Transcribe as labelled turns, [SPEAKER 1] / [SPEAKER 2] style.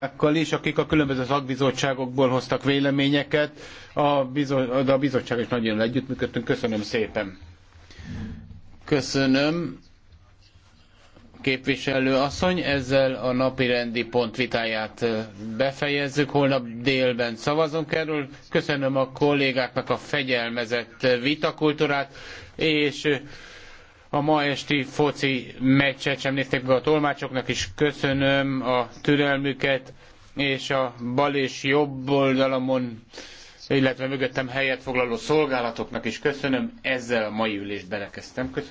[SPEAKER 1] kollégákkal is, akik a különböző szakbizottságokból hoztak véleményeket, a bizo- de a bizottság is nagyon együttműködtünk. Köszönöm szépen. Köszönöm. Képviselő asszony, ezzel a napirendi pont vitáját befejezzük. Holnap délben szavazunk erről. Köszönöm a kollégáknak a fegyelmezett vitakultúrát, és a ma esti foci meccset sem nézték be a tolmácsoknak is. Köszönöm a türelmüket, és a bal és jobb oldalamon, illetve mögöttem helyet foglaló szolgálatoknak is köszönöm. Ezzel a mai ülést belekezdtem. Köszönöm.